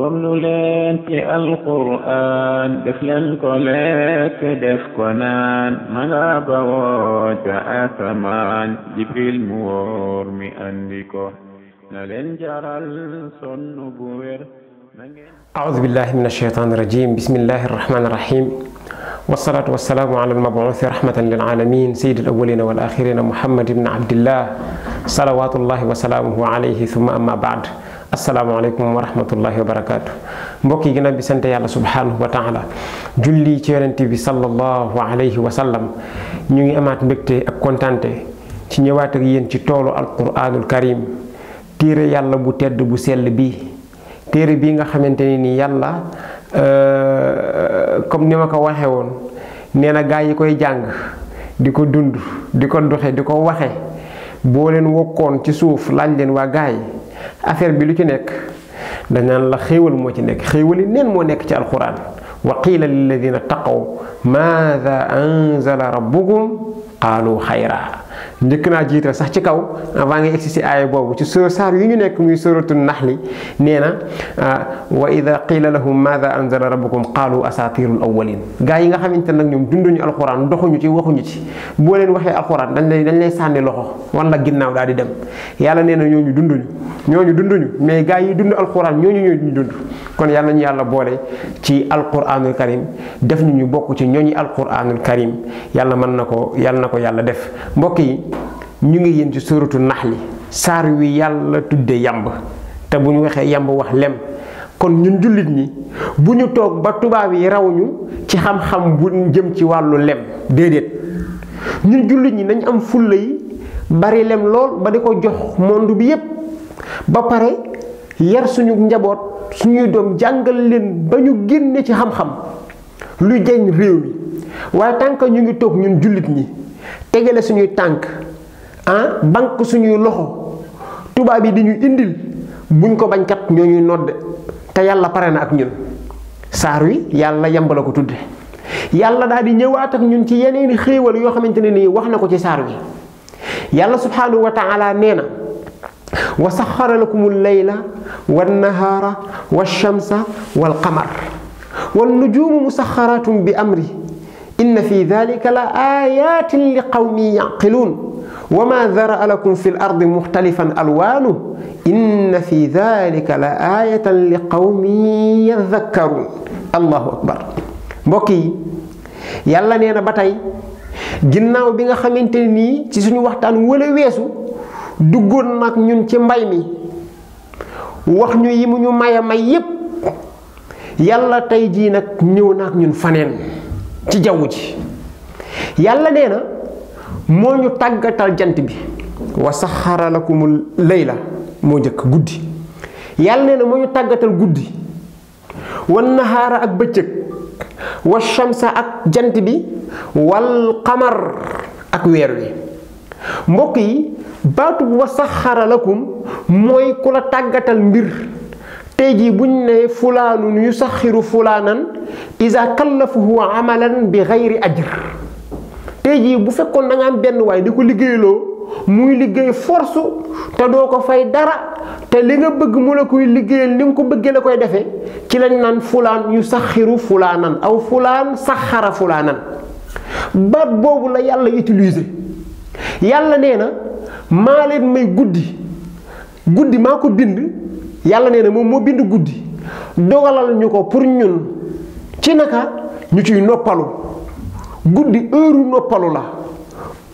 ضمن لك القرآن دفل القلاك دفقنان كنان مغاب أثمان جبريل موار مئنكو نلن جرى الصن بوير أعوذ بالله من الشيطان الرجيم بسم الله الرحمن الرحيم والصلاة والسلام على المبعوث رحمة للعالمين سيد الأولين والآخرين محمد بن عبد الله صلوات الله وسلامه عليه ثم أما بعد Assalamualaikum warahmatullahi wabarakatuh. wa barakaatu mbokk yi ginnaaw bi sante yalla subhanahu wa taala julli ci yonent bi sallallahu alayhi wa sallam ñu ngi amaat mbekté ak contenté ci ñëwaat ak yeen ci tolu alquranul karim Tiri yalla bu tedd bu sel bi téere bi nga xamanteni ni yalla euh comme nima ko waxé won néna gaay yi koy jang diko dund diko doxé diko waxé bo len ci suuf lañ len wa gaay affaire bi lu ci nekk dañaan la xéewal moo ci nekk xéewal yi neen moo nekk ci alquran wa qiila lilladina taqaw maada anzala rabbukum qaalu xayra njëkk naa jiital sax ci kaw avant ngi egsi si aaya boobu ci sóor saar yu ñu nekk muy sóoratu naxli nee na ah, wa ida qila lahum maada anzala rabbukum qaalu asatirul awalin gaa yi nga xamante nag ñoom dunduñu alxuraan doxuñu ci waxuñu ci booleen leen waxee alxuraan dañ lay dañ lay sànni loxo wan la ginnaaw daal di dem yàlla nee na ñooñu dunduñu ñooñu dunduñu mais gaa yi dund alxuraan ñooñu ñooñu dund kon yàlla nañu yàlla boole ci alquranul karim def ñu ñu bokk ci ñooñu alquranul karim yàlla mën na ko yàlla na ko yàlla def mbokk yi ñu ngi yéen ci suratu naxli saar wi yàlla tudde yamb te bu ñu waxee yamb wax lem kon ñun jullit ñi bu ñu toog ba tubaab yi rawuñu ci xam-xam bu jëm ci wàllu lem déedéet ñun jullit ñi nañ am fulla yi bari lem lool ba di ko jox mondu bi yépp ba pare yar suñu njaboot suñuy doom jàngal leen ba ñu génne ci xam-xam lu jëñ réew mi waaye tànk ñu ngi toog ñun jullit ñi tegale suñuy tànk ah banque suñuy loxo tubaab yi di ñu indil buñ ko bañkat ñoo ñuy nodd te yàlla pare na ak ñun saar wi yàlla yamba la ko tudde yàlla daal di ñëwaat ak ñun ci yeneen xéewal yoo xamante ne nii wax na ko ci saar wi yàlla subhaanahu wa nee na وسخر لكم الليل والنهار والشمس والقمر والنجوم مسخرات بأمره إن في ذلك لآيات لقوم يعقلون وما ذرأ لكم في الأرض مختلفا ألوانه إن في ذلك لآية لقوم يذكرون الله أكبر mbokki يلا نينا بطي جنا tey خمين bi nga وقتان ولا ويسو duggoon nag ñun ci mbay mi wax ñu yi mu ñu may may yépp yàlla tey jii nag ñëw na ak ñun faneen ci jaww ji yàlla nee na moo ñu tàggatal jant bi wa saxara lakumul layla moo njëkk guddi yàlla nee na moo ñu tàggatal guddi wan nahaara ak bëccëg wa shamsa ak jant bi wal xamar ak weer wi mbokk yi baatu wa saxara lakum mooy ku la tàggatal mbir tey jii buñ ne fulaanun yu saxiru fulaanan isa kallafahu amalan bi xayri ajr tey jii bu fekkoon da benn waay di ko liggéeyloo muy liggéey force te doo ko fay dara te li nga bëgg mu la koy liggéeyal ni nga ko bëggee la koy defee ci lañ naan fulaan yu saxiru fulaanan aw fulaan saxara fulaanan baat boobu la yàlla utiliser yàlla nee maa leen may guddi guddi maa ko bind yàlla nee na moom moo bind guddi dogalal ñu ko pour ñun ci naka ñu ciy noppalu guddi heure noppalu la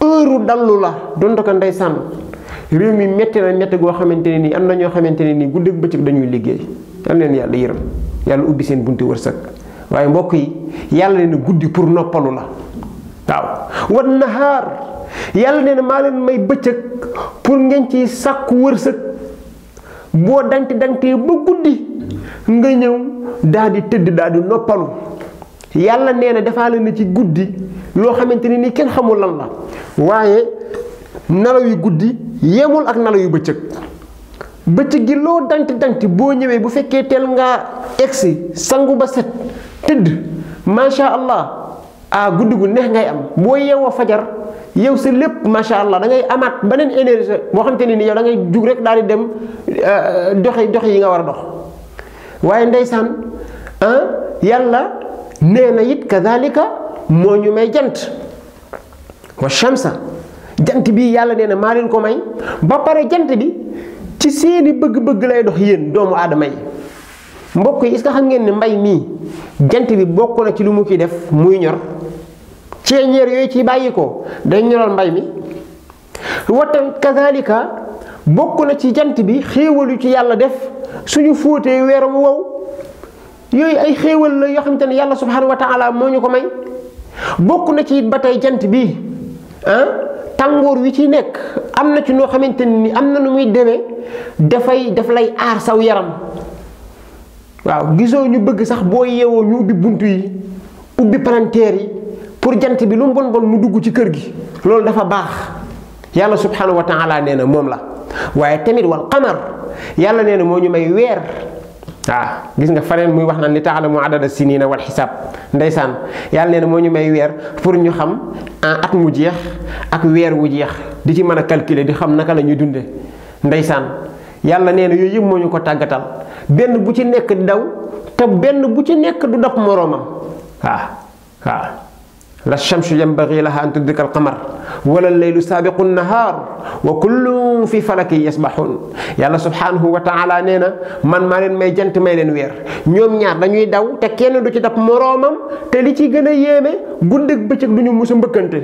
heure dallu la donte ko ndeysaan réew mi metti na metti goo xamante ne nii am na ñoo xamante ne nii guddi ak bëccëg dañuy liggéey yal leen yàlla yërëm yàlla ubbi seen bunti wërsëg waaye mbokk yi yàlla leen guddi pour noppalu la waaw wan nahaar Yalla neena na len may bëccëg pour ngeen ci sàkku wërsëg bo danti danti bu guddi nga ñew daal di tëdd daal di noppalu yalla neena na la na ci guddi lo xamanteni ni ken xamul lan la waye nalaw yu guddi yemul ak nalaw yu bëccëg becc gi lo danti danti bo ñewé bu fekkee tel nga egsi sangu ba set ma sha allah a ah guddi neex ngay am moy yeewoo fajar yow sa lépp macha allah da ngay amaat beneen énergie boo xamante ne ni yow da ngay jug rek daal di dem euh, doxi doxi yi nga war a dox waaye ndeysaan ah yàlla nee na it kazalika moo ñu may jant wa shamsa jant bi yàlla nee na maa leen ko may ba pare jant bi ci seeni bëgg-bëgg lay dox yéen doomu aadama yi mbokk yi est-ce xam ngeen ni mbay mii jant bi bokk na ci lu mu fi def muy ñor. ceeñeer yooyu ci bàyyi ko dañ ñoral mbay mi watan kazalika bokk na ci jant bi xéewal yu ci yàlla def suñu fóotee weeram wow yooyu ay xéewal la yoo xamante ni yàlla subhanahu wa taala moo ñu ko may bokk na ci ba tey jant bi ah, tàngoor wi ci nekk am na ci noo xamante ni am na nu muy deme dafay daf lay aar saw yaram waaw gisoo ñu bëgg sax boo yeewoo ñu ubbi bunt yi ubbi palanteer yi pour jant bi lu bon bon mu dugg ci kër gi loolu dafa bax yalla subhanahu wa taala neena mom la waye tamit wal qamar yalla neena mo ñu may wër ah gis nga faneen muy wax na li ta'lamu adada sinina wal hisab ndaysan yalla neena mo ñu may wër pour ñu xam ah, at mu jeex ak wër wu jeex di ci mëna calculer di xam naka lañu dundé ndaysan yalla neena yoy na mo ñu ko tagatal benn bu ci nekk di daw te benn bu ci nekk du ah ah لا الشمس ينبغي لها أن تدرك القمر ولا الليل سابق النهار وكل في فلك يسبحون يلا سبحانه وتعالى نينا من ما لين ماي جنت ماي لين وير ñoom ñaar dañuy daw te kenn du ci dab moroomam te li ci gën a yéeme guddeeg bëccëg duñu mës a mbëkkante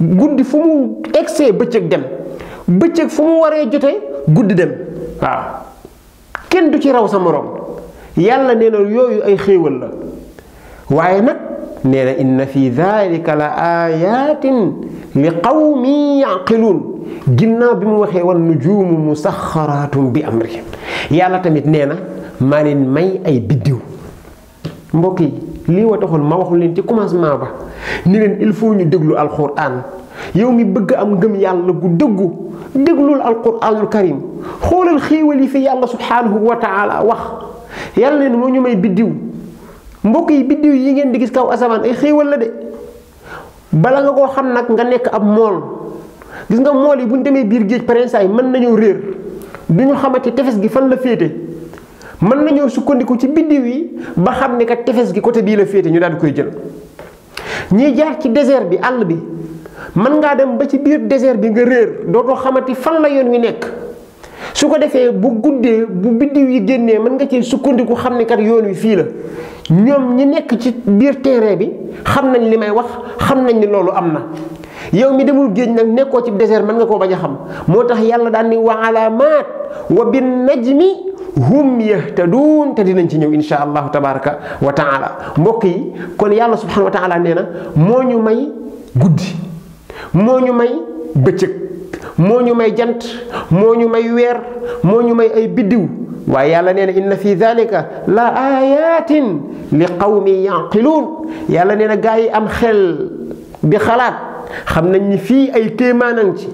guddi fu mu egsee bëccëg dem bëccëg fu mu waree jotee guddi dem waaw kenn du ci raw sa moroom yàlla nee na yooyu ay xéewal la waaye nag nee na inna fi dalika la ayatin li qawmin yaqiluun ginnaaw bi mu waxee wan nujuumu musaxaraatun bi amri yàlla tamit nee na maa leen may ay biddiw mbokk yi lii wa taxoon ma waxu leen ci commencement ba ni leen il faut ñu déglu alxuraan yow mi bëgg am ngëm yàlla gu dëggu déglul alxuraanul karim xoolal xéewal yi fi yàlla subhaanahu wa wax yàlla leen moo ñu may biddiw mbokk yi biddiw yi ngeen di gis kaw asamaan ay xéewal la de bala nga koo xam nag nga nekk ab mool gis nga mool yi bu ñu demee biir géej parensaay mën nañoo réer du ñu xamante tefes gi fan la féete mën nañoo sukkandiku ci biddiw yi ba xam ne kat tefes gi côté bii la féete ñu daal koy jël ñuy jaar ci désert bi àll bi mën ngaa dem ba ci biir désert bi nga réer doo dootoo xamati fan la yoon wi nekk su ko defee bu guddee bu biddiw yi génnee mën nga cee sukkandiku xam ne yoon wi fii la ñoom ñi nekk ci biir terrain bi xam nañ li may wax xam nañ ni loolu am na yow mi demul géej nag nekkoo ci désert man nga koo baj a xam moo tax yàlla daan ni wa alaamaat wa bin najmi hum yahtaduun te dinañ ci ñëw insha allah tabaraka wa taala mbokk yi kon yàlla subhanahu wa taala nee na moo ñu may guddi moo ñu may bëccëg moo ñu may jant moo ñu may weer moo ñu may ay biddiw waaye yàlla nee na na fi dalika la ayatin li qawmi yaqiluun yàlla nee na gaa yi am xel bi xalaat xam nañ ni fii ay kéemaanan ci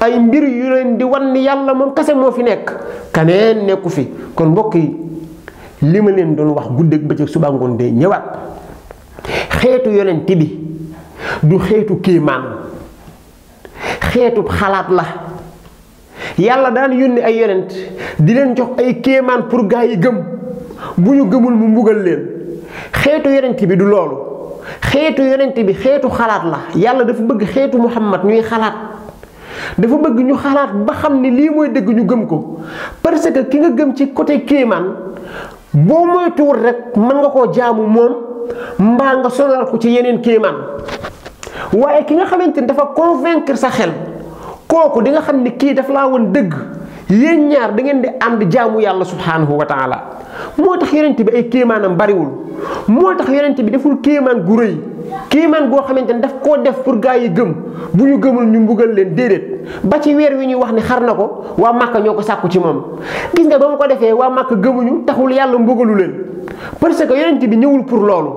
ay mbir yu leen di wan yàlla moom kese moo fi nekk kaneen nekku fi kon mbokk yi li ma leen doon wax guddeeg bëccëg suba ngoon de ñëwaat xeetu yonent bi du xeetu kéemaan xeetu xalaat la yàlla daan yónni ay yonent di leen jox ay kéemaan pour gaa yi gëm bu ñu gëmul mu mbugal leen xeetu yonent bi du loolu xeetu yonent bi xeetu xalaat la yàlla dafa bëgg xeetu muhammad ñuy xalaat dafa bëgg ñu xalaat ba xam ni lii mooy dëgg ñu gëm ko parce que ki nga gëm ci côté kéemaan boo moytuwul rek mën nga koo jaamu moom mbaa nga sonal ko ci yeneen kéemaan waaye ki nga xamante ni dafa convaincre sa xel kooku di nga xam ne kii daf laa woon dëgg yéen ñaar da ngeen di ànd jaamu yàlla subhaanahu wa taala moo tax yonent bi ay kéemaanam bariwul moo tax yonent bi deful kéemaan gu rëy kéemaan goo xamante ne daf koo def pour gaa yi gëm bu ñu gëmul ñu mbugal leen déedéet ba ci weer wi ñuy wax ni xar na ko waa Màkka ñoo ko sàkku ci moom gis nga ba mu ko defee waa Màkka gëmuñu taxul yàlla mbugalu leen parce que yonent bi ñëwul pour loolu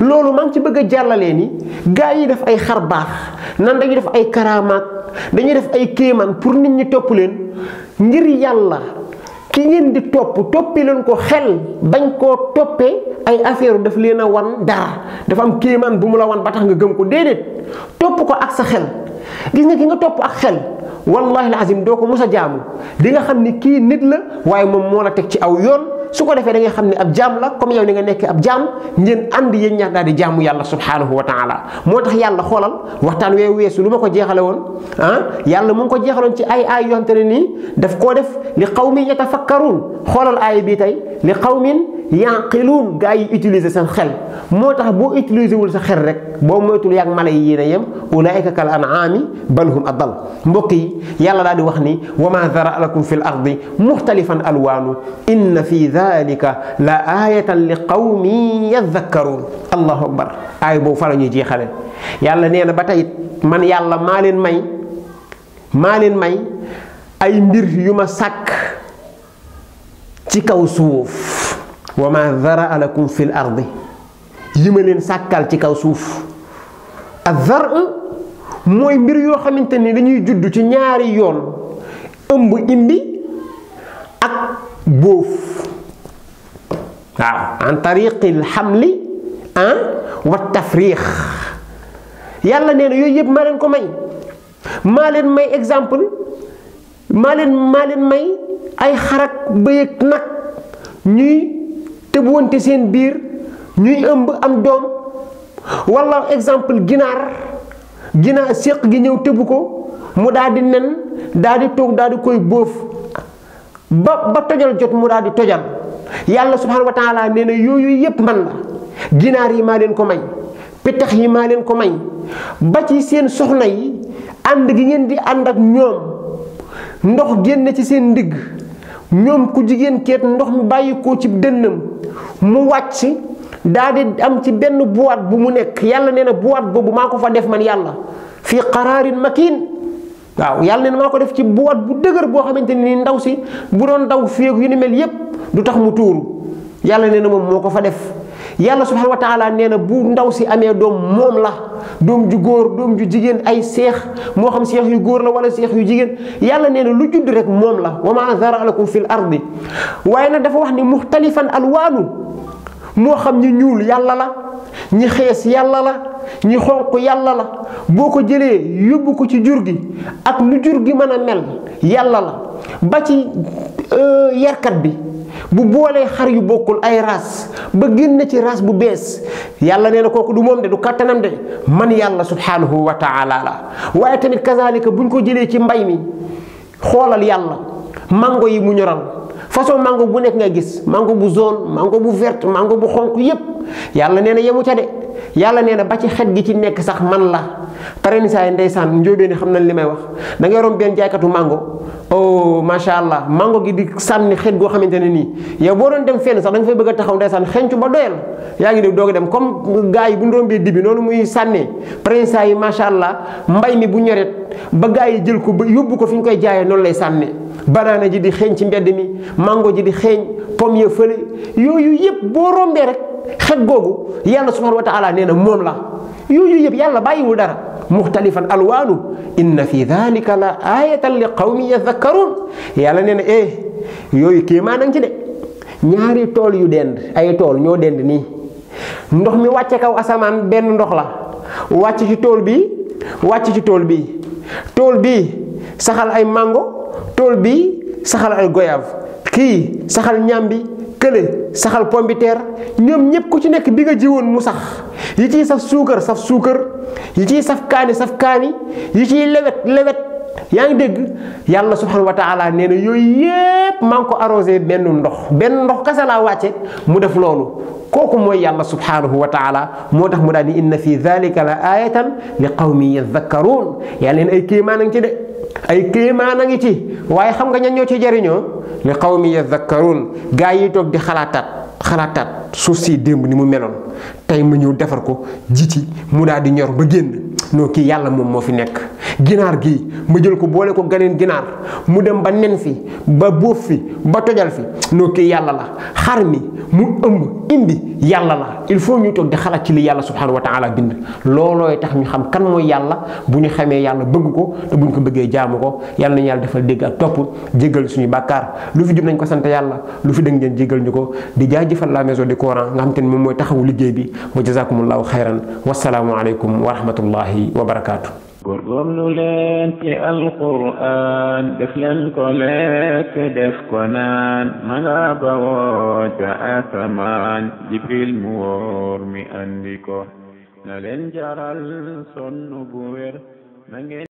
loolu man ci bëgg a jàllalee ni gaa yi def ay xar baax nan dañuy def ay karaamaak dañuy def ay kéemaan pour nit ñi topp leen ngir yàlla ki ngeen di topp toppee leen ko xel bañ koo toppee ay affaire daf leen a wan dara dafa am kéemaan bu mu la wan ba tax nga gëm ko déedéet topp ko ak sa xel gis nga ki nga topp ak xel wallahi asim doo ko mos a jaamu di nga xam ni kii nit la waaye moom moo la teg ci aw yoon. su ko defee da ngay xam ne ab jaam la comme yow ni nga nekkee ab jaam ngeen ànd yéen ñaar daal di jaamu yàlla subhaanahu wa taala moo tax yàlla xoolal waxtaan wee weesu lu ma ko jeexale woon ah yàlla mu ko jeexaloon ci ay aay yoo nii daf koo def li qawmin yatafakkaruun xoolal aay bii tey li qawmin yanqiluun gaa yi utiliser seen xel moo tax boo utiliser wul sa xel rek boo moytul yàgg mala yi yéen a yem ulaayika kal anaami bal hum adal mbokk yi yàlla daal di wax ni wa ma dara lakum fi l ardi muxtalifan alwaanu inna fi dalika la aayatan li qawmi yadakkaruun allahu akbar aay boobu fa la ñuy jeexale yàlla nee na ba tey man yàlla maa leen may maa leen may ay mbir yu ma sàkk ci kaw suuf وما ذرا لكم في الارض يمنن سكال تي كاو سوف الذرء موي مير يو خامتاني لا نيو جودو تي نياري يون امب اندي اك بوف عن طريق الحمل ان والتفريخ يلا نينا يوي ييب ما لين كو ماي ما ماي اكزامبل ما لين ماي اي خرك بيك نك ني te bu seen biir ñuy ëmb am doom wala exemple ginaar ginaar séq gi ñëw tëbu ko mu daldi di nen daal toog daal koy bóof ba ba tojal jot mu daal di tojal yàlla subhaanahu wa taala nee na yooyu yépp man la ginaar yi maa leen ko may pitax yi maa leen ko may ba ci seen soxna yi ànd gi ngeen di ànd ak ñoom ndox génn ci seen ndigg ñoom ku jigéen keet ndox mu bàyyi ko ci dënnam mu wàcc daa di am ci benn boîte bu mu nekk yàlla nee na boîte boobu maa ko fa def man yàlla fii qaraarin makiin waaw yàlla nee na maa ko def ci boîte bu dëgër boo xamante ni ndaw si bu doon daw féeg yu ni mel yépp du tax mu tuuru yàlla nee na moom moo ko fa def yàlla subhanahu wa taala nee na bu ndaw si amee doom moom la doom ju góor doom ju jigéen ay seex moo xam seex yu góor la wala seex yu jigéen yàlla nee na lu judd rek moom la wa ma zara lakum fil ardi waaye nag dafa wax ni muxtalifan alwaanu moo xam ñi ñuul yàlla la ñi xees yàlla la ñi xonq yàlla la boo ko jëlee yóbbu ko ci jur gi ak lu jur gi mën a mel yàlla la ba ci euh, yarkat bi bu boolee xar yu bokkul ay ras ba génn ci raas bu bees yàlla nee na kooku du moom de du kàttanam de man yàlla subhaanahu wa taala la waaye tamit kazalika buñ ko jëlee ci mbay mi xoolal yàlla mango yi mu ñoral façon mango bu nekk ngay gis mango bu jaune mango bu verte mango bu xonq yépp yàlla nee na yemu ca de yàlla nee na ba ci xet gi ci nekk sax man la pareni saa yi ndeysaan njóobeen xam nañ li may wax da ngay romb benn jaaykatu mango oh, allah mango gi di sànni xet goo xamante ne nii yow boo doon dem fenn sax da nga bëgg a taxaw ndeysaan xencu ba doyal yaa ngi dégg doog dem comme gars yi bu ñu rombee dibi noonu muy sànnee pareni saa yi macha allah mbay mi bu ñoret ba gars yi jël ko ba yóbbu ko fi ñu koy jaayee noonu lay sànnee banaana ji di xeeñ ci mbedd mi mango ji di xeeñ pom ya fële yooyu yëpp boo rombee rek xet googu yàlla subhanahu wa taala nee na moom la yooyu yëpp yàlla bàyyiwul dara muxtalifan alwaanu inna fi dalika la ayatan li qawmi yadhakkaruun yàlla nee na eh yooyu kéemaan nang ci de ñaari tool yu dend ay tool ñoo dend nii ndox mi wàcce kaw asamaan benn ndox la wàcc ci tool bi wàcc ci tool bi tool bi saxal ay màngo tool bi saxal ay goyaab kii saxal ñambi kële saxal pombiteer ñoom ñëpp ku ci nekk bi nga jiwoon mu sax yi ciy saf suukar saf suukar yi ci saf kaani saf kaani yi ci lewet lewet yaa ngi dégg yàlla subhanahu wa taala nee na yooyu yépp maa ngi ko arrosé benn ndox benn ndox kasa laa wàcce mu def loolu kooku mooy yàlla subhanahu wa taala moo tax mu daal di inna fi dalika la ayatan li qawmi yadhakkaruun yàlla leen ay kéemaan ci de ay kéemaan a ngi ci waaye xam nga ñan ñoo ci jariñoo li qawmi yadhakkarun gaa yi toog di xalaataat xalaataat suuf si démb ni mu meloon tey mu ñëw defar ko ji ci mu daal di ñor ba génn noo kii yàlla moom moo fi nekk ginaar gi ma jël ko boole ko ganeen ginaar mu dem ba nen fi ba bóof fi ba tojal fi noo kii yàlla la xar mi mu ëmb indi yàlla la il faut ñuy toog di xalaat ci li yàlla subhanahu wa taala bind loolooy tax ñu xam kan mooy yàlla bu ñu xamee yàlla bëgg ko te bu ko bëggee jaamu ko yàlla nañu yàlla defal dégg ak topp jéggal suñu bàkkaar lu fi jub ko sant yàlla lu fi dëng ngeen jéggal ñu ko di jaajëfal la maison du Coran nga xam te moom mooy taxawu liggéey bi wa jazakumullahu xayran wasalaamu aleykum wa rahmatullahi wa barakaatu góorgóorlu leen ci alquran def leen ko lekk def ko naan manga bawoo ca asamaan jibril mu wóor mi andi ko na leen jaral sonn bu wér